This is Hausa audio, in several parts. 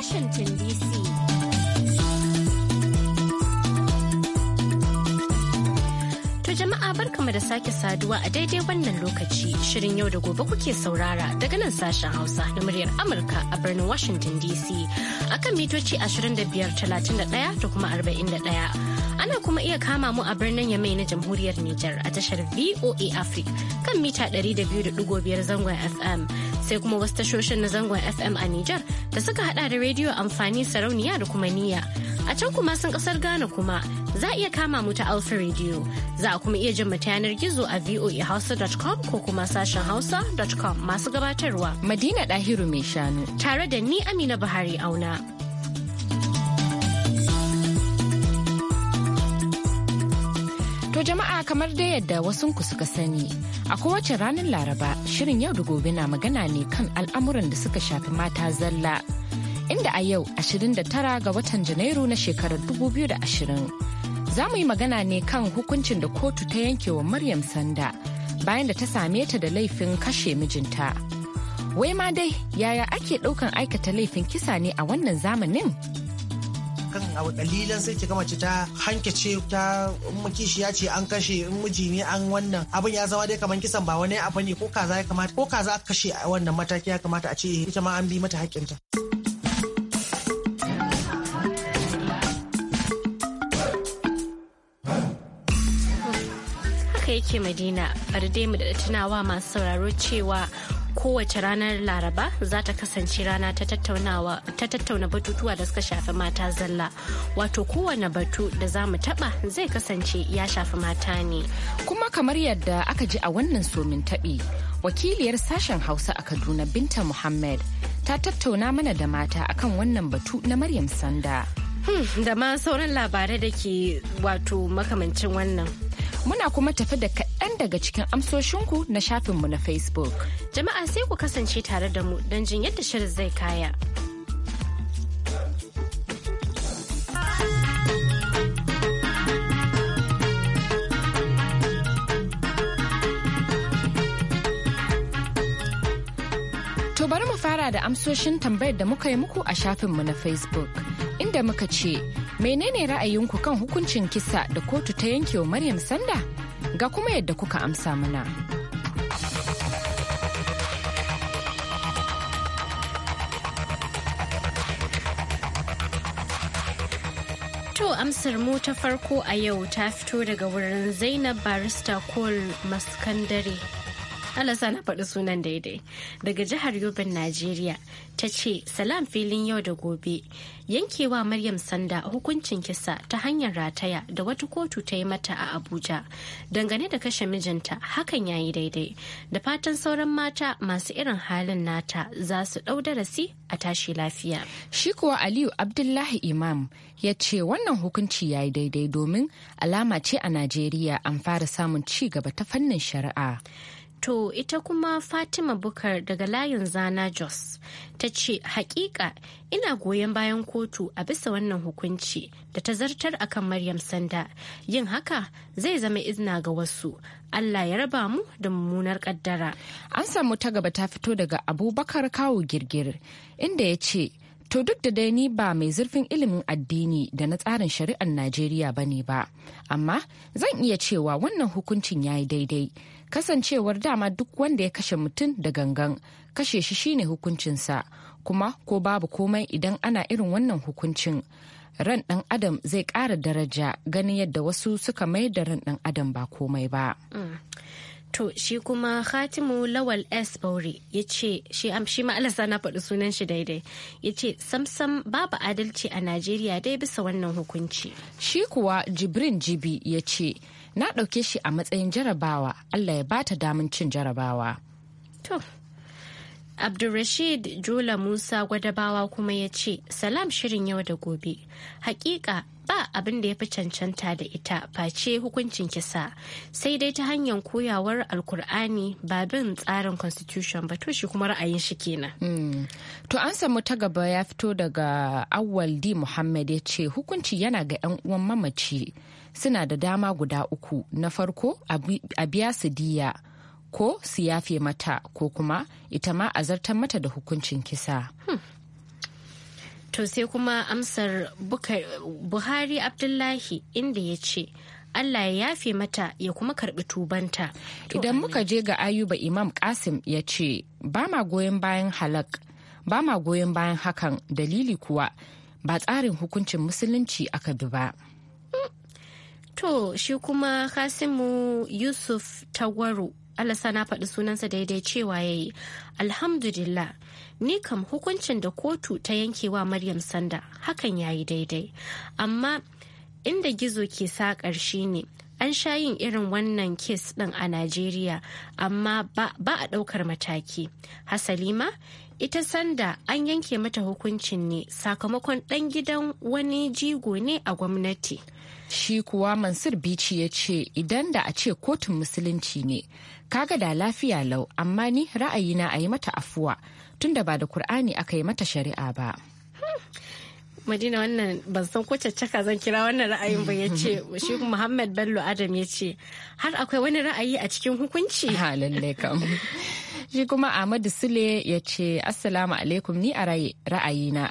Washington DC. To jama'a barkamu da sake saduwa a daidai wannan lokaci shirin yau da gobe kuke saurara daga nan sashen Hausa na muryar Amurka a birnin Washington DC akan mitoci 25,31 da kuma 41. Ana kuma iya kama mu a birnin Yamai na Jamhuriyar Nijar a tashar VOA Africa kan mita 200.5 zangon FM. sai kuma wasu tashoshin na zangon FM a Nijar da suka hada da rediyo amfani sarauniya da kuma niyya. A can kuma sun kasar Ghana kuma za a iya kama mu ta Alpha Radio. Za a kuma iya jin ta yanar gizo a voahausa.com ko kuma sashen hausa.com masu gabatarwa. Madina Dahiru mai shanu. Tare da ni Amina Buhari auna. To jama'a kamar da yadda wasunku suka sani, a kowace ranar Laraba shirin yau da gobe na magana ne kan al'amuran da suka shafi mata zalla. Inda a yau 29 ga watan Janairu na shekarar 2020 za mu yi magana ne kan hukuncin da kotu ta yankewa Maryam Sanda bayan da ta same ta da laifin kashe mijinta. Wai ma dai yaya ake ɗaukan aikata laifin kisa ne a wannan zamanin? kan abu dalilan sai ki mace ta hanke ce ta ya ce an kashe in miji ne an wannan abin ya zama dai kamar kisan ba wani abu ne ko kaza ya kamata ko kaza aka kashe a wannan mataki ya kamata a ce eh, ita ma an bi mata haƙƙinta. ta haka yake madina bari dai mu da tunawa masu sauraro cewa kowace ranar laraba za ta kasance rana ta tattauna batutuwa da suka shafi mata zalla wato kowane batu da za mu taba zai kasance ya shafi mata ne kuma kamar yadda aka ji a wannan somin taɓi wakiliyar sashen hausa a kaduna binta muhammad ta tattauna mana da mata akan wannan batu na maryam sanda hmm, da ma sauran labarai da ke wato makamancin wannan Muna kuma tafi da kaɗan daga cikin amsoshinku na shafinmu na Facebook. Jama'a sai ku kasance tare da mu don jin yadda shirin zai kaya. To bari mu fara da amsoshin tambayar da muka yi muku a shafinmu na Facebook. inda muka ce menene ra'ayinku kan hukuncin kisa da kotu ta yankewa Maryam Sanda ga kuma yadda kuka amsa mana. muna. amsar mu ta farko a yau ta fito daga wurin zainab barista cole maskandare Allah na faɗi sunan daidai daga jihar Yobin Najeriya ta ce salam filin yau da gobe yankewa Maryam Sanda hukuncin kisa ta hanyar rataya da wata kotu ta yi mata a Abuja dangane da kashe mijinta hakan ya yi daidai da fatan sauran mata masu irin halin nata za su ɗau darasi a tashi lafiya. Shi kuwa Aliyu Abdullahi Imam ya ce wannan hukunci yayi daidai domin alama ce a Najeriya an fara samun ci gaba ta fannin shari'a. To ita kuma Fatima Bukar daga layin Zana Jos ta ce, "Hakika ina goyon bayan kotu a bisa wannan hukunci da ta zartar akan Maryam Sanda. Yin haka zai zama izina ga wasu. Allah ya raba mu da mummunar kaddara." An samu ta gaba ta fito daga Abubakar Kawo Girgir, inda ya ce, To duk da dai ni ba mai zurfin ilimin addini da na tsarin shari'ar Najeriya ba ne ba, amma zan iya cewa wannan hukuncin ya yi daidai. kasancewar dama duk wanda ya kashe mutum da gangan kashe shi shine hukuncinsa kuma ko babu komai idan ana irin wannan hukuncin ran dan adam zai kara daraja ganin yadda wasu suka mai da ran dan adam ba komai ba. Mm. To shi kuma Khatimu Lawal S. Bauri ya ce shi ma'alasa na faɗi sunan shi daidai ya ce samsam babu adalci a Najeriya dai bisa wannan hukunci. Shi kuwa Jibrin Jibi ya ce na ɗauke shi a matsayin jarabawa allah ya bata damin cin jarabawa to abdulrashid jula musa gwadabawa kuma ya ce salam shirin yau da gobe hakika ba abin da ya fi cancanta da ita face hukuncin kisa sai dai ta hanyar koyawar alkur'ani ba bin tsarin constitution ba to shi kuma ra'ayin shi kenan. Hmm. to an samu ta gaba ya fito daga awwal d muhammad ya ce hukunci yana ga 'yan uwan mamaci suna da dama guda uku na farko a biya su diya ko su yafe mata ko kuma ita ma a zartar mata da hukuncin kisa. To sai kuma amsar Buhari Abdullahi inda ya ce, Allah ya yafe mata ya kuma karbi tubanta. Idan muka je ga Ayuba Imam Kasim ya ce, ba ma goyon bayan halak, ba ma goyon bayan hakan dalili kuwa ba tsarin hukuncin musulunci aka bi ba. To shi kuma Kasimu Yusuf Tagwaro alasa na faɗi sunansa daidai cewa ya yi alhamdulillah ni kam hukuncin da kotu ta yankewa Maryam Sanda hakan ya yi daidai amma inda gizo ke sa ƙarshi ne an sha yin irin wannan kes ɗin a Najeriya amma ba a ɗaukar mataki. hasalima ita sanda an yanke mata hukuncin ne sakamakon ɗan gidan wani jigo ne a gwamnati. shi kuwa mansur bici ya ce idan da a ce kotun musulunci ne kaga da lafiya lau amma ni ra'ayina a yi mata afuwa tunda ba da kur'ani aka yi mata shari'a ba madina wannan ban san ko caccaka zan kira wannan ra'ayin ba ya ce shi muhammad bello adam ya ce har akwai wani ra'ayi a cikin hukunci ha lallai kam shi kuma ahmadu sule ya ce assalamu alaikum ni a ra'ayina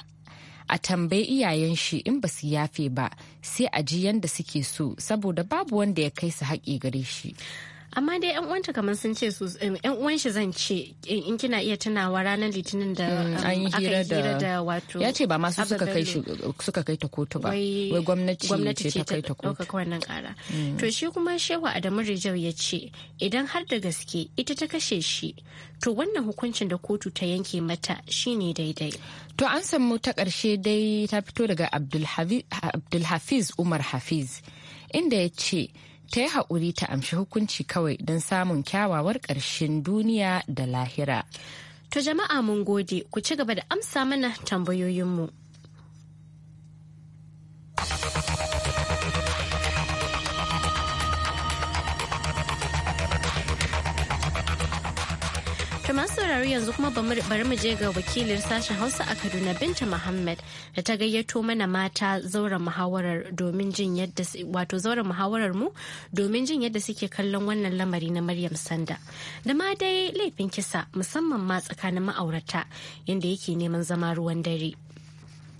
a tambayi iyayen shi in ba su yafe ba sai a ji yanda suke so saboda babu wanda ya kai su haƙi gare shi amma dai yan uwanta kamar sun ce su yan eh, uwan shi zan ce eh, in kina iya tunawa ranar litinin da mm, an yi um, hira da wato ya ce ba ma su suka kai suka kai ta kotu ba wai gwamnati ce ta kai ta kotu wannan kara mm. to shi kuma shehu Adamu Rijau ya ce idan har da gaske ita ta kashe shi to wannan hukuncin da kotu ta yanke mata shine daidai to an samu ta karshe dai ta fito daga Abdulhafiz Umar Hafiz inda ya ce ta yi haƙuri ta amshi hukunci kawai don samun kyawawar ƙarshen duniya da lahira. To jama'a mun gode ku ci gaba da amsa mana tambayoyinmu. To masu saurari yanzu kuma bari mu je ga wakilin sashen Hausa a Kaduna Binta Muhammad da ta gayyato mana mata zauren muhawarar domin jin yadda wato zauren muhawarar mu domin jin yadda suke kallon wannan lamari na Maryam Sanda. Da ma dai laifin kisa musamman ma tsakanin ma'aurata inda yake neman zama ruwan dare.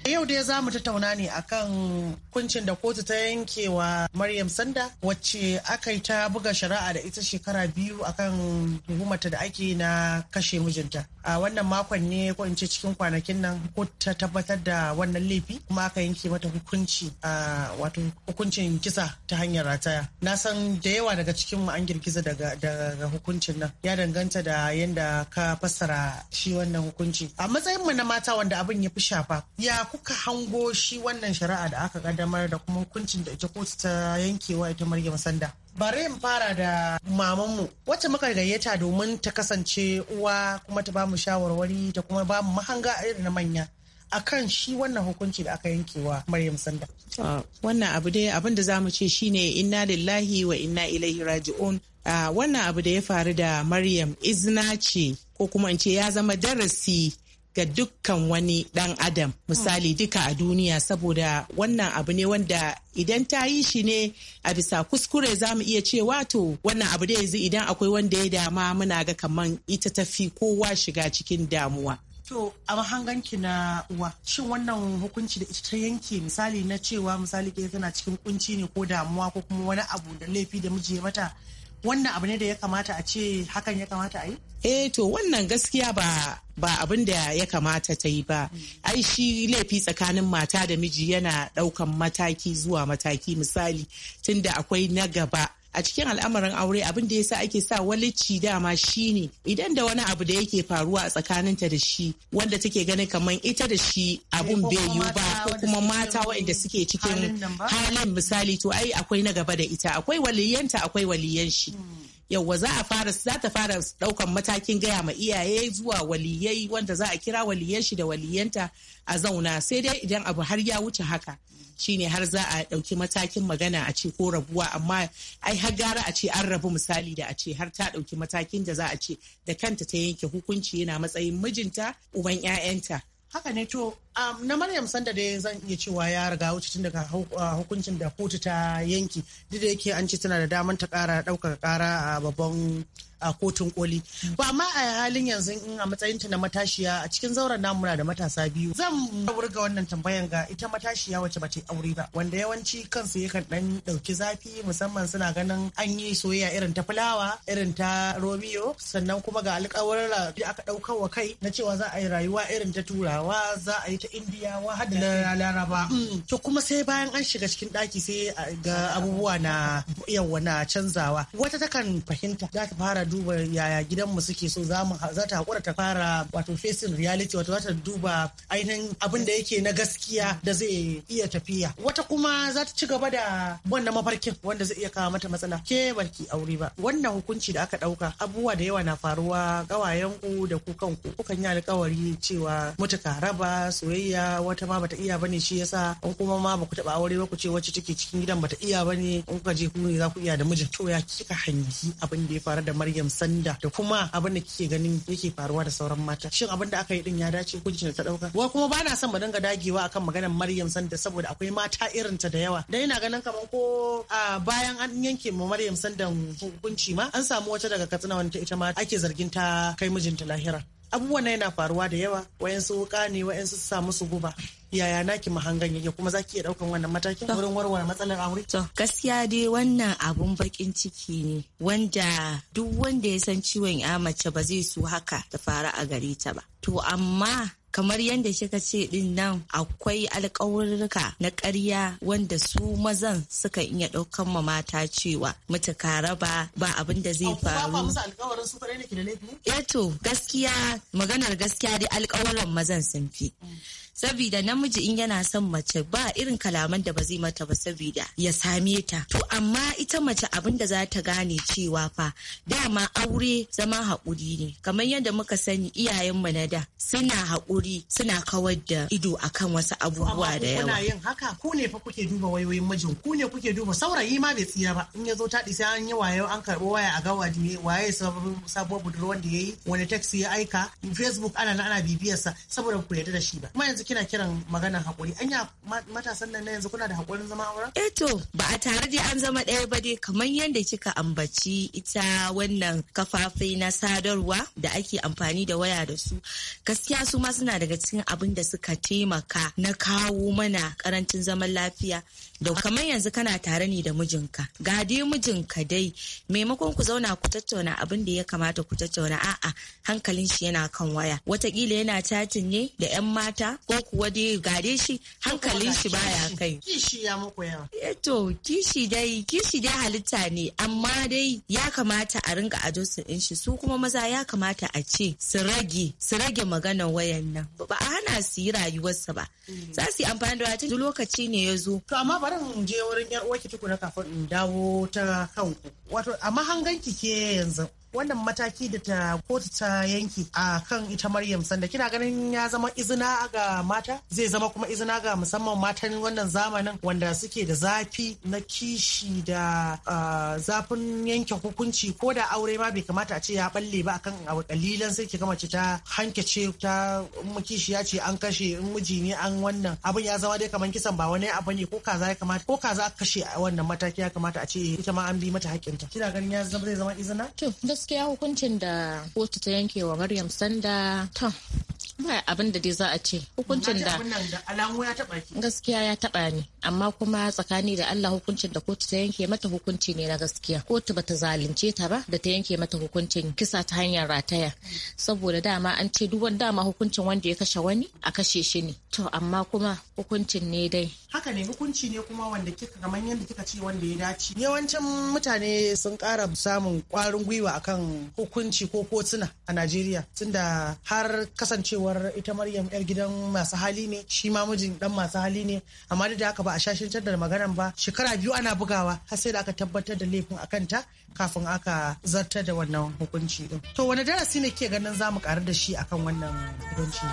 Yau dai za mu tattauna ne akan kuncin da kotu ta yanke wa Maryam Sanda wacce aka yi ta buga shari'a da ita shekara biyu akan hukumarta da ake na kashe mijinta. A wannan makon ne ko in ce cikin kwanakin nan ko ta tabbatar da wannan laifi kuma aka yanke mata hukunci a wato hukuncin kisa ta hanyar rataya. Na san da yawa daga cikin mu an girgiza daga hukuncin nan ya danganta da yadda ka fassara shi wannan hukunci. A matsayin mu na mata wanda abin ya fi shafa ya kuka hango shi wannan shari'a da aka kaddamar da kuma hukuncin da ita kotu ta yankewa ita Maryam Sanda. Bari in fara da mamanmu wacce muka gayyata domin ta kasance uwa kuma ta bamu shawarwari ta kuma bamu mahanga irin na manya. akan shi wannan hukunci da aka yankewa Maryam Sanda. Ah, wannan abu dai abin da zamu ce shine inna lillahi wa inna ilaihi raji'un. Ah, wannan abu da ya faru da Maryam izna ce ko kuma in ce ya zama darasi ga dukkan wani dan adam misali hmm. duka a duniya saboda wannan abu ne wanda idan ta yi shi ne a bisa kuskure za mu iya cewa to wannan abu da yanzu idan akwai wanda ya dama muna ga kaman ita tafi kowa shiga cikin damuwa To a mahanganki na uwa shin wannan hukunci da ita ta yanke misali na cewa misali ke tana cikin kunci ne ko damuwa ko kuma wani abu da laifi da miji ya mata wannan abu ne da ya kamata a ce hakan ya kamata a yi? Eh to wannan gaskiya ba ba abin da ya kamata ta yi ba. Ai shi laifi tsakanin mata da miji yana ɗaukan mataki zuwa mataki misali tunda akwai na gaba a cikin al'amarin aure abin da ya sa ake sa walici dama shi ne. idan da wani abu da yake faruwa a tsakaninta da shi wanda take ganin kamar ita da shi abun bai yiwu ba ko kuma mata waɗanda suke cikin halin misali to ai akwai na gaba da ita akwai waliyanta akwai waliyan shi. Hmm. yauwa za a fara za ta fara daukan matakin gaya ma iyaye zuwa waliyai wanda za a kira waliyan shi da waliyanta a zauna sai dai idan abu har ya wuce haka shine har za a dauki matakin magana a ce ko rabuwa amma ai har gara a ce an rabu misali da a ce har ta dauki matakin da za a ce da kanta ta yanke hukunci yana matsayin mijinta uban 'ya'yanta haka ne to Um, na Maryam Sanda dai zan iya cewa ya riga wuce tun daga uh, hukuncin da kotu ta yanki duk da yake an ce tana da damar ta kara ɗaukar kara a babban kotun koli ba ma a halin yanzu in a matsayinta na matashiya a cikin zauren namu na da matasa biyu zan wurga wannan tambayan ga ita matashiya wacce ba ta aure ba wanda yawanci kansu yakan dan dauki zafi musamman suna ganin an yi soyayya irin ta fulawa irin ta romeo sannan kuma ga alƙawarin da aka ɗaukar wa kai na cewa za a yi rayuwa irin ta turawa za a yi ta indiyawa har da laraba mm. to kuma sai bayan an shiga cikin daki sai ga abubuwa na yawa na canzawa wata takan fahimta za ta fara duba yaya gidanmu suke so za ta hakura ta fara wato facing reality wato za ta duba ainihin abin da yake na gaskiya da zai iya tafiya wata kuma za ta ci gaba da wannan mafarkin wanda zai iya kawo mata matsala ke barki aure ba wannan hukunci da aka dauka abubuwa da yawa na faruwa gawayen ku da ku kanku kukan yi alkawari cewa mutuka raba so soyayya wata ma bata iya bane shi yasa in kuma ma baku taba aure ba ku ce wacce take cikin gidan bata iya bane in kuka je kuma za ku iya da mijin to ya kika hangi abin da ya faru da Maryam Sanda da kuma abin da kike ganin yake faruwa da sauran mata shin abin da aka yi din ya dace ku da ta dauka wa kuma bana son mu dinga dagewa akan maganar Maryam Sanda saboda akwai mata irin ta da yawa dan ina ganin kamar ko a bayan an yanke ma Maryam Sanda hukunci ma an samu wata daga Katsina wanda ita ma ake zargin ta kai mijinta lahira abubuwan yana faruwa da yawa wayansu wuka ne wayansu su sa musu guba yaya naki mahangan yake kuma zaki iya daukan wannan matakin wurin warware matsalar aure to gaskiya dai wannan abun bakin ciki ne wanda duk wanda ya san ciwon ya mace ba zai so haka ta fara a gare ta ba to amma kamar yadda shi ce din nan akwai alkawurruka na karya wanda su mazan suka iya ɗaukan ma mata cewa mutu raba ba abin da zai faru. Eto eh gaskiya maganar gaskiya dai alkawaran mazan sun fi. saboda namiji in yana son mace ba irin kalaman da ba zai mata ba saboda ya same ta to amma ita mace abin da za ta gane cewa fa dama aure zama haƙuri ne kamar yadda muka sani iyayenmu na da suna haƙuri suna kawar da ido akan wasu abubuwa da yawa kuna yin haka ku ne fa kuke duba wayoyin mijin ku ne kuke duba saurayi ma bai tsira ba in ya zo taɗi sai an yi wayo an karɓo waya a ga waye sabuwar budurwar da ya yi wani taxi ya aika facebook ana na ana bibiyarsa saboda ku yarda da shi ba kuma yanzu kina kiran magana hakuri anya matasan nan yanzu kuna da hakurin zama auren eh to ba a tare da an zama ɗaya ba dai kamar yadda kika ambaci ita wannan kafafai na sadarwa da ake amfani da waya da su gaskiya su ma suna daga cikin abin da suka taimaka na kawo mana karancin zaman lafiya da kamar yanzu kana tare ni da mijinka ga dai mijinka dai maimakon ku zauna ku tattauna abin da ya kamata ku tattauna a'a hankalin shi yana kan waya watakila yana catin ne da yan mata ko kuwa dai ga dai shi hankalin shi baya kai kishi ya muku yawa eh to kishi dai kishi dai halitta ne amma dai ya kamata a rinka su din shi su kuma maza ya kamata a ce su rage su rage maganar wayan nan ba a hana su yi rayuwarsa ba mm. za su yi amfani da wata lokaci ne ya zo amma bari je wurin yar uwarki tukuna kafin in dawo ta kanku wato a mahanganki ke yanzu wannan mataki da ta kotu ta yanki a kan ita Maryam Sanda kina ganin ya zama izina ga mata zai zama kuma izina ga musamman matan wannan zamanin wanda suke da zafi na kishi da zafin yanke hukunci ko da aure ma bai kamata a ce ya balle ba akan abu kalilan sai kika mace ce ta hankace ta kishi ya ce an kashe in miji ne an wannan abin ya zama dai kaman kisan ba wani abu ne ko kaza ya kamata ko kaza kashe a wannan mataki ya kamata a ce ita ma an bi mata hakinta kina ganin ya zama zai zama izina gaskiya hukuncin da kotu ta yanke wa Maryam Sanda to ba abin da dai za a ce hukuncin da gaskiya ya taba ni amma kuma tsakani da Allah hukuncin da kotu ta yanke mata hukunci ne na gaskiya kotu bata zalunce ta ba da ta yanke mata hukuncin kisa ta hanyar rataya saboda dama an ce duk dama hukuncin wanda ya kashe wani a kashe shi ne to amma kuma hukuncin ne dai haka ne hukunci ne kuma wanda kika kamar yadda kika ce wanda ya dace yawancin mutane sun kara samun kwarin gwiwa akan hukunci ko kotuna a Najeriya tunda har kasancewar ita Maryam yar gidan masu hali ne shi ma mijin dan masu hali ne amma da haka ba a shashin da maganan ba shekara biyu ana bugawa har sai da aka tabbatar da laifin akan ta kafin aka zartar da wannan hukunci din to wani darasi ne ke ganin zamu karu da shi akan wannan hukunci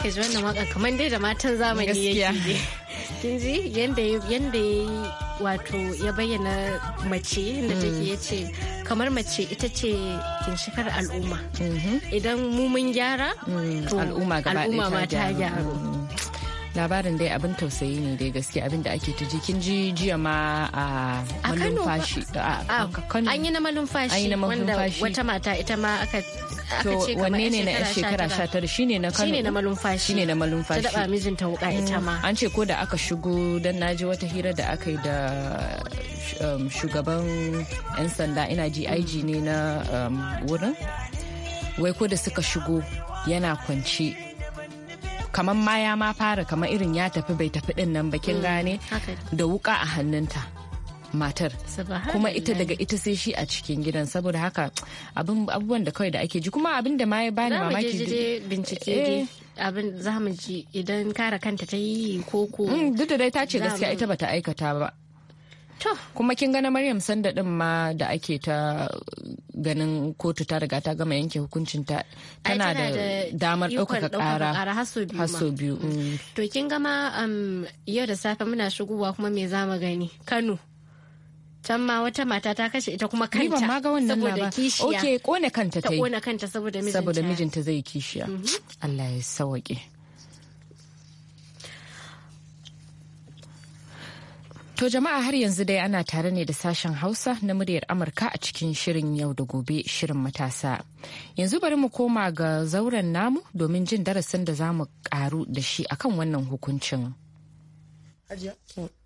ka ji wannan wakan kamar dai da matan zamani ya ke kin ji yanda yanda wato ya bayyana mace ta take mm. ya ce kamar mace ita ce ginshikar al'umma mm-hmm. idan mu mun gyara mm. to al'umma ma ta gyaru mm. labarin dai abin tausayi ne dai gaske abin da ake ta kin ji jiya ma a malumfashi an yi na malumfashi wanda wata mata ita ma aka to wanne ne na shekara 19 shine na Kano shine na malumfashi shine na malumfashi ta daba mijinta wuka ita eh, ma an ce ko da aka shigo dan naji wata hira da aka yi da um, shugaban yan sanda ina ji mm. ne na um, wurin wai ko da suka shigo yana kwance kamar ma ya ma fara kamar irin ya tafi bai tafi din nan bakin mm, gane da wuka a hannunta matar kuma ita daga ita sai shi a cikin gidan saboda haka abubuwan da kawai da ake ji kuma abin da ma ya bani mamaki bincike eh. abin za mu ji idan kare kanta ta yi koko mm, duk da dai ta ce gaskiya ita bata aikata ba To. Kuma kin gana Maryam Sanda din ma da ake ta ganin kotu ta riga ta gama yanke hukuncin ta tana da damar ɗaukaka ƙara haso biyu. Mm. To kin gama um, yau da safe muna shigowa kuma me za mu gani Kano. can ma wata mata ta kashe ita kuma kanta ban ma ga wannan saboda kishiya kone kanta ta kona kanta saboda mijinta saboda mijinta zai kishiya mhm. Allah ya sauke To jama'a har yanzu dai ana tare ne da sashen Hausa na muryar Amurka a cikin shirin yau da gobe shirin matasa. Yanzu bari mu koma ga zauren namu domin jin darasin da za mu karu da shi akan wannan hukuncin.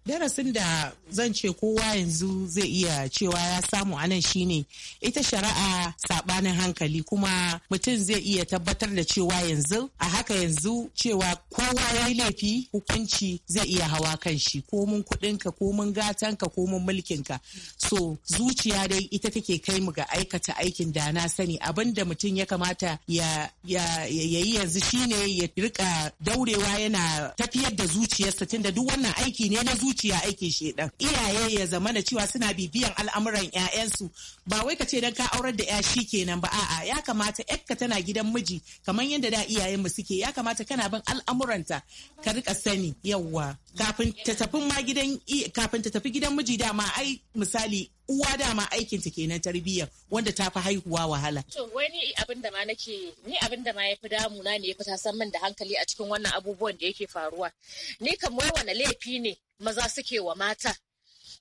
darasin da zan ce kowa yanzu zai iya cewa ya samu anan shine ita shari'a sabanin hankali kuma mutum zai iya tabbatar da cewa yanzu a haka yanzu cewa kowa ya yi laifi hukunci zai iya hawa kan shi komun kudinka komun gatanka mulkin ka so zuciya dai ita take kai mu ga aikata aikin da na sani abin da mutum ya kamata ya yi yanzu shine ya rika daurewa yana tafiyar da zuciyarsa tunda duk wannan aiki ne na zuciya zuciya aikin shedan iyaye ya zama da cewa suna bibiyan al'amuran ƴaƴansu ba wai ka ce dan ka aurar da ƴa shi kenan ba a'a ya kamata ƴakka tana gidan miji kamar yadda da iyayen mu suke ya kamata kana bin al'amuranta ka rika sani yawwa kafin ta tafi ma gidan kafin ta tafi gidan miji dama ai misali uwa dama aikin ta kenan tarbiyyar wanda ta fi haihuwa wahala. To wani abin da ma nake ni abin da ma ya fi damuna ne ya fi tasan min da hankali a cikin wannan abubuwan da yake faruwa. Ni kam wani laifi ne maza suke wa mata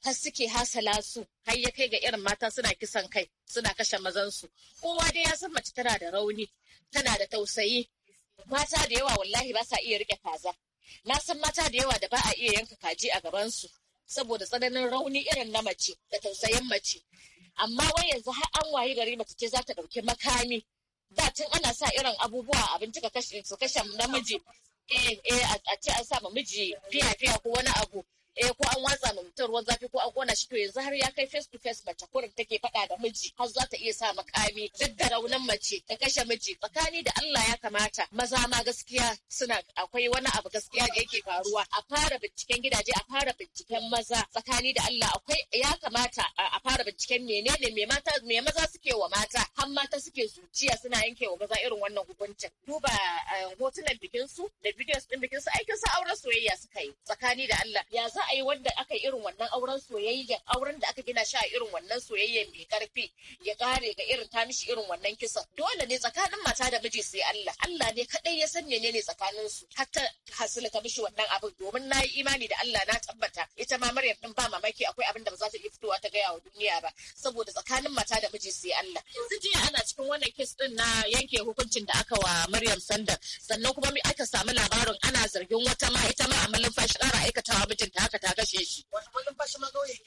har suke hasala su har ya kai ga irin mata suna kisan kai suna kashe mazansu kowa dai ya san mace tana da rauni tana da tausayi mata da yawa wallahi ba sa iya rike kaza na san mata da yawa da ba a iya yanka kaji a gaban su, saboda tsananin rauni irin na mace da tausayin mace amma wai yanzu har an wayi gari mace ce za ta ɗauki makami da tun ana sa irin abubuwa abinci ka kashe su kashe namiji eh, eh a ce an sa ma miji fiya fiya ko wani abu eh ko an watsa ma mutum ruwan zafi ko an kona shi to yanzu har ya kai face to face mace kurin take faɗa da miji har za ta iya sa makami duk da raunin mace ta kashe miji tsakani da Allah ya kamata maza ma gaskiya suna akwai wani abu gaskiya da yake faruwa a fara binciken gidaje a fara binciken maza tsakani da Allah akwai ya kamata a fara binciken menene me mata me maza suke wa mata har mata suke zuciya suna yanke wa maza irin wannan hukuncin duba eh, hotunan bikin su da videos din bikin su aikin su auren soyayya suka yi tsakani da Allah ya za a yi wanda aka yi irin wannan auren soyayya soyayyen auren da aka gina shi a irin wannan soyayyen mai karfi ya kare ga irin ta mishi irin wannan kisan dole ne tsakanin mata da miji sai Allah Allah ne kadai ya sanya ne tsakanin su hatta hasila ta mishi wannan abin domin nayi imani da Allah na tabbata ita ma Maryam din ba mamaki akwai abin da ba za ta iya fitowa ta gaya wa duniya ba saboda tsakanin mata da miji sai Allah yanzu jiya ana cikin wannan kes din na yanke hukuncin da aka wa Maryam sanda sannan kuma aka samu labarin ana zargin wata ma ita ma a malin fashi kara aikatawa mijinta haka ta kashe shi wata malin fashi ma gauye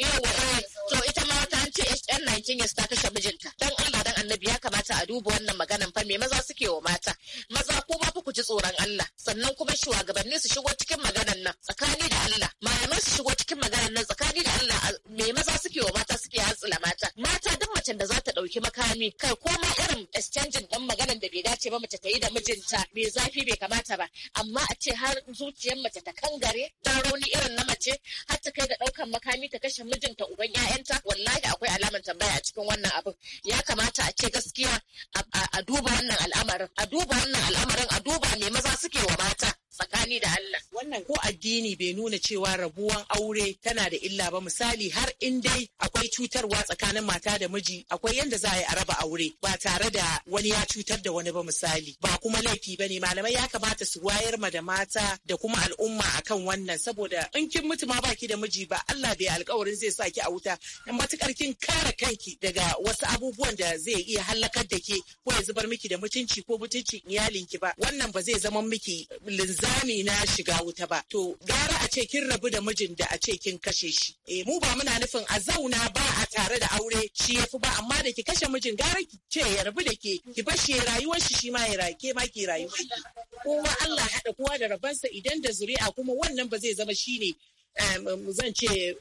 Yawwa to ita ma ta ce yan Nigeria ta kashe mijinta. Dan Allah dan annabi ya kamata a duba wannan maganan fa me maza suke wa mata. Maza ko ma ku ji tsoron Allah sannan kuma shugabanni su shigo cikin maganan nan tsakani da Allah. Malaman su shigo cikin maganan nan tsakani ɗauki makami kai ko ma irin exchanging ɗan maganar da bai dace ba mace ta yi da mijinta mai zafi bai kamata ba amma a ce har zuciyar mace ta kangare ta rauni irin na mace har ta kai ga ɗaukan makami ta kashe mijinta uban 'ya'yanta wallahi akwai alamar tambaya a cikin wannan abin ya kamata a ce gaskiya a duba wannan al'amarin a duba wannan al'amarin a duba me maza suke wa mata tsakani da Allah wannan ko addini bai nuna cewa rabuwan aure tana da illa ba misali har in dai akwai cutarwa tsakanin mata da miji akwai yanda za a yi a aure ba tare da wani ya cutar da wani ba misali ba kuma laifi ba ne. malamai ya kamata su wayar ma da mata da kuma al'umma akan wannan saboda in kin mutu ma baki da miji ba Allah bai alkawarin zai sa ki a wuta in matukar kin kare kanki daga wasu abubuwan da zai iya hallakar da ke ko ya zubar miki da mutunci ko mutuncin iyalinki ba wannan ba zai zama miki linza sami na shiga wuta ba to gara a ce kin rabu da mijin da a ce kin kashe shi e mu ba muna nufin a zauna ba a tare da aure shi yafi ba amma da ki kashe mijin gara ki ce ya rabu da ke ki bar shi rayuwar shi shi ma ya rake ma ki rayuwar kowa Allah haɗa kowa da rabansa idan da zuri'a kuma wannan ba zai zama shine zan ce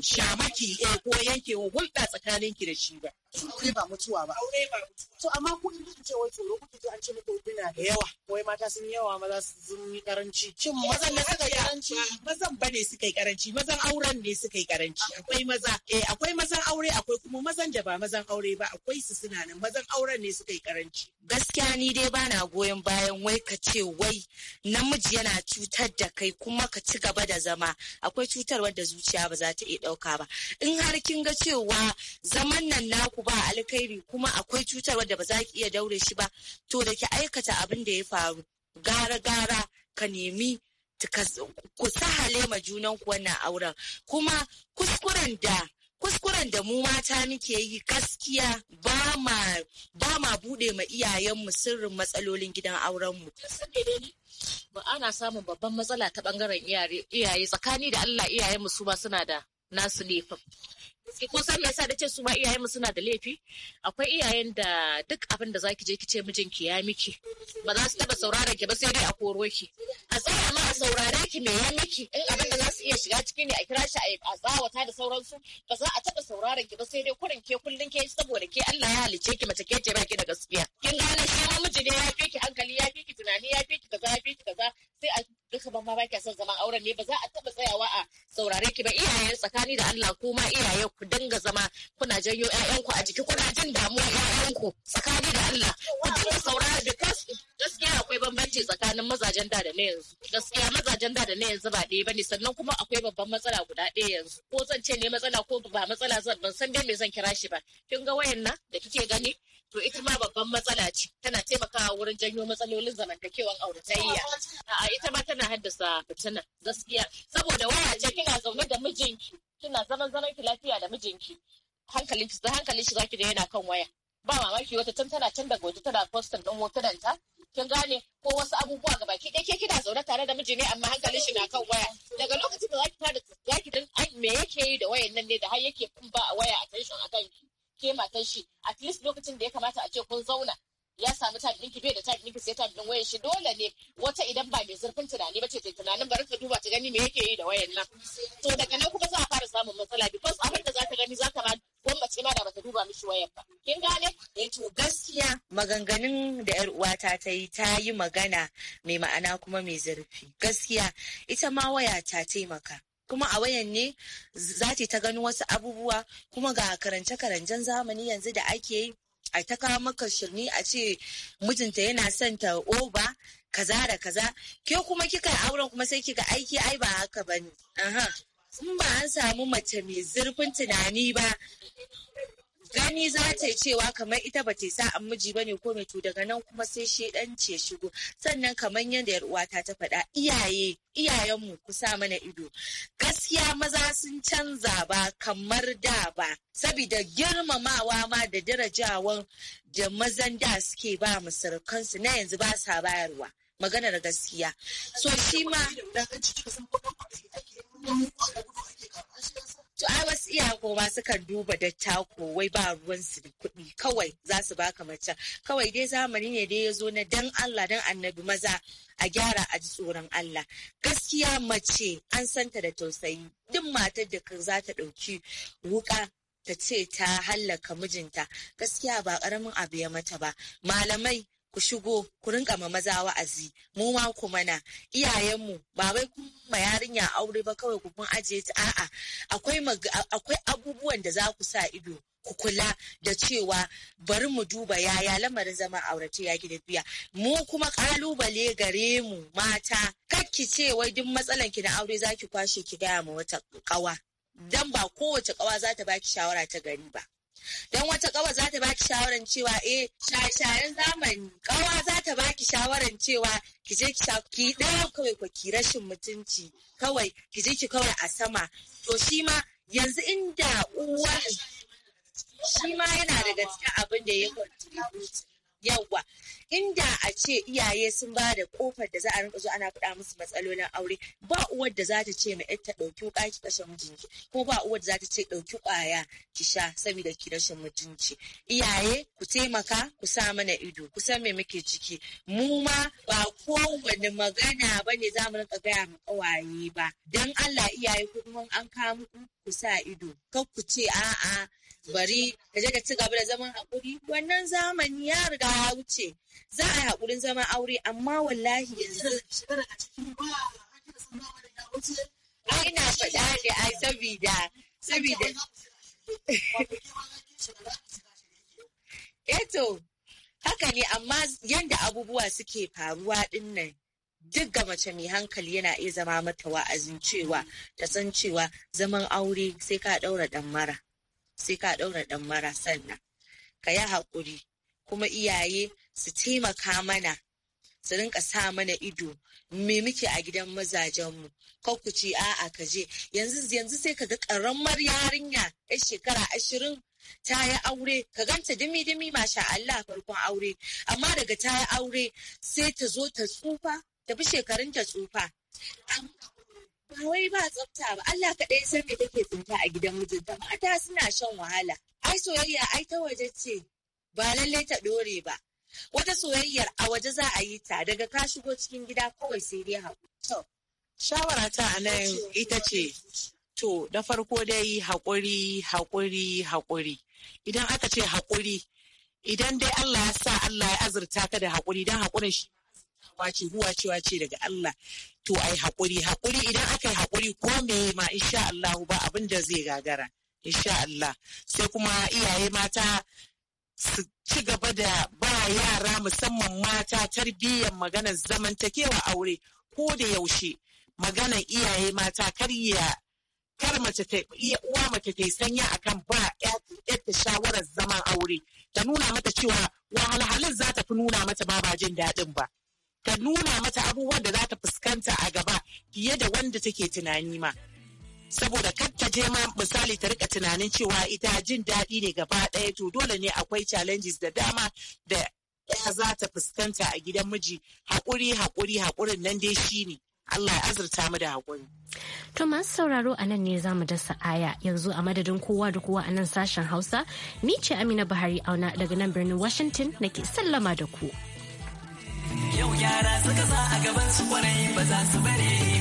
shamaki eh, ko yankewa hulɗa tsakanin ki da shi ba. Aure ba mutuwa ba. Aure ba mutuwa. To amma ku in kuke wai to kuke da an ce muku Kuna da yawa. Wai mata sun yawa maza sun yi karanci. Shin mazan ne suka yi karanci? Mazan ba ne suka yi karanci. Mazan auren ne suka yi karanci. Akwai maza. Eh akwai mazan aure akwai kuma mazan da ba mazan aure ba akwai su suna nan mazan auren ne suka yi karanci. Gas gaskiya ni dai bana goyon bayan wai ka ce wai namiji yana cutar da kai kuma ka ci gaba da zama akwai cutar wadda zuciya ba za ta iya ɗauka ba in har kin ga cewa zaman nan naku ba alkhairi kuma akwai cutar wadda ba za ki iya daure shi ba to da ki aikata abin da ya faru gara gara ka nemi ku sahale ma junan ku wannan auren kuma kuskuren da kuskuren da mu mata muke yi gaskiya ba ma ba ma bude ma iyayenmu sirrin matsalolin gidan aurenmu ba ana samun babban matsala ta bangaren iyaye tsakani da Allah iyayenmu su ba suna da nasu laifin ko san me yasa da ce su ma iyayenmu suna da laifi akwai iyayen da duk abin da zaki je ki ce mijinki ya miki ba za su taba sauraron ki ba sai dai a koro ki a tsaya ma a saurare ki me ya miki in abin da za su iya shiga cikin ne a kira shi a tsawata da sauransu ba za a taba saurara ki ba sai dai kurin ke kullun ke saboda ke Allah ya halice ki mace ke ce ba ki da gaskiya kin gane shi ma miji ne ya fi ki hankali ya fi ki tunani ya fi ki kaza ya fi ki kaza sai a duka ban ma ba son zaman auren ne ba za a taba tsayawa a saurare ki ba Iyayen tsakani da Allah kuma iyaye ku dinga zama kuna janyo ƴaƴan ku a jiki kuna jin damuwa ƴaƴan ku tsakani da Allah ku dinga saurare because gaskiya akwai bambanci tsakanin mazajen da da na yanzu gaskiya mazajen da da na yanzu ba ɗaya bane sannan kuma akwai babban matsala guda ɗaya yanzu ko zan ce ne matsala ko ba matsala zan ban san dai me zan kira shi ba kin ga wayan da kike gani to ita ma babban matsala ce tana taimakawa wurin janyo matsalolin zamantakewan auratayya a ita ma tana haddasa fitina gaskiya saboda waya ce kina zaune da mijinki kina zaman zaman ki lafiya da mijinki hankalin ki hankalin shi zaki da yana kan waya ba mamaki wata can tana can daga waje tana postin din ta. kin gane ko wasu abubuwa gaba, baki ɗaya ke kina zaune tare da miji ne amma hankalin shi na kan waya daga lokacin da zaki fara zaki din me yake yi da wayan nan ne da har yake kun ba a waya attention akan ki ke matan shi at least lokacin da ya kamata a ce kun zauna ya samu tag dinki bai da tag dinki sai tag ɗin wayar shi dole ne wata idan ba mai zurfin tunani ba ce ta tunanin bari ta duba ta gani me yake yi da wayan nan to daga nan kuma za a fara samun matsala because abin da za ta gani za ta ma gwamnati ma da bata duba mishi wayar ba kin gane eh to gaskiya maganganun da yar uwata ta yi ta yi magana mai ma'ana kuma mai zurfi gaskiya ita ma waya ta taimaka kuma a wayan ne za ta gani wasu abubuwa kuma ga karance-karancen zamani yanzu da ake yi a ta kawo maka shirni a ce mijinta yana son ta oba kaza da kaza ke kuma kika auren kuma sai kika aiki ai ba haka bane in ba an samu mace mai zurfin tunani ba gani za ta yi cewa kamar ita ba ta sa an miji ne ko mai to daga nan kuma sai shi ɗan ce shigo sannan kamar yadda yar uwata ta faɗa iyaye iyayenmu ku sa mana ido gaskiya maza sun canza ba kamar da ba sabida girmamawa ma da darajawan da mazan da suke ba musurkansu na yanzu ba sa bayarwa maganar gaskiya so shi ma To ai wasu iyako ba sukan duba dattako wai ba ruwan su da kuɗi kawai za su baka mace kawai dai zamani ne dai ya zo na dan Allah dan annabi maza a gyara a ji tsoron Allah gaskiya mace an santa da tausayi duk matar da ka za ta ɗauki wuƙa ta ce ta hallaka mijinta gaskiya ba ƙaramin abu ya mata ba malamai ku shigo ku rinka ma maza wa'azi mu ma ku mana iyayenmu ba wai kun ma yarinya aure ba kawai ku kun aje ta a'a akwai akwai abubuwan da za ku sa ido ku kula da cewa bari mu duba yaya lamarin zama aurata ya gida biya mu kuma kalubale gare mu mata kakki ce wai duk matsalan ki na aure zaki kwashe ki gaya ma wata kawa dan ba kowace kawa za ta baki shawara ta gari ba don wata kawa za ta baki shawaran cewa eh shaye-shayen zamani kawa za ta baki shawaran cewa ki je ki ki ɗaya kawai ku ki rashin mutunci kawai ki je ki kawai a sama to shi ma yanzu inda uwa shi ma yana daga cikin abin da ya kwanci yawa inda a ce iyaye sun ba da kofar da za a rinka zo ana faɗa musu matsalolin aure ba uwar da za ta ce ma ta ɗauki wuƙa ki kashe mijinki ko ba uwar da za ta ce ɗauki ƙwaya ki sha saboda ki rashin mutunci iyaye ku taimaka ku sa mana ido ku san me muke ciki mu ma ba kowane magana ba ne za mu rinka gaya ma ƙawaye ba dan Allah iyaye ku an kawo muku ku sa ido kar ku ce a'a bari ka je ka ci gaba da zaman haƙuri wannan zamani ya riga ya wuce za a yi haƙurin zaman aure amma wallahi yanzu shiga cikin ba ya wuce ina faɗa ai saboda eto haka ne amma yanda abubuwa suke faruwa din nan duk ga mace mai hankali yana iya zama mata wa'azin cewa ta san cewa zaman aure sai ka ɗaura ɗan mara sai ka ɗaura ɗan mara sannan ka yi haƙuri kuma iyaye su taimaka mana su rinka sa mana ido me muke a gidan mazajenmu ka ku ce a'a ka je yanzu yanzu sai ka ga ƙaramar yarinya yar shekara ashirin ta yi aure ka ganta dimi dimi masha Allah farkon aure amma daga ta yi aure sai ta zo ta tsufa ta tafi shekarun ta tsufa ba wai ba tsafta ba Allah kaɗai san me take tsinta a gidan mijinta mata suna shan wahala ai soyayya ai ta waje ce ba lallai ta dore ba wata soyayyar a waje za a yi ta daga ka shigo cikin gida kawai sai dai haƙuri. Shawara ta a nan ita ce, to da farko dai haƙuri, haƙuri, haƙuri. Idan aka ce haƙuri, idan dai Allah ya sa Allah ya azurta ka da haƙuri dan haƙurin shi kyakkyawa ce cewa ce daga Allah to ai hakuri hakuri idan aka yi hakuri ko me ma insha Allah ba abin da zai gagara insha Allah sai kuma iyaye mata su ci gaba da ba yara musamman mata tarbiyyar maganar zamantakewa aure ko da yaushe maganar iyaye mata kar ya kar mace ta iya uwa mace ta sanya akan ba yadda shawarar zaman aure ta nuna mata cewa wahalhalin za ta fi nuna mata ba ba jin daɗin ba ta nuna mata abubuwan da za ta fuskanta a gaba fiye da wanda take tunani ma saboda kar ta je ma misali ta rika tunanin cewa ita jin daɗi ne gaba ɗaya to dole ne akwai challenges da dama da ya za ta fuskanta a gidan miji haƙuri haƙuri haƙurin nan dai shi ne Allah ya azurta mu da haƙuri. To masu sauraro a nan ne za mu dasa aya yanzu a madadin kowa da kowa a nan sashen Hausa, ni ce Amina Buhari auna daga nan birnin Washington nake sallama da ku. Yau yara suka sa a gaban su kwarai ba za su bare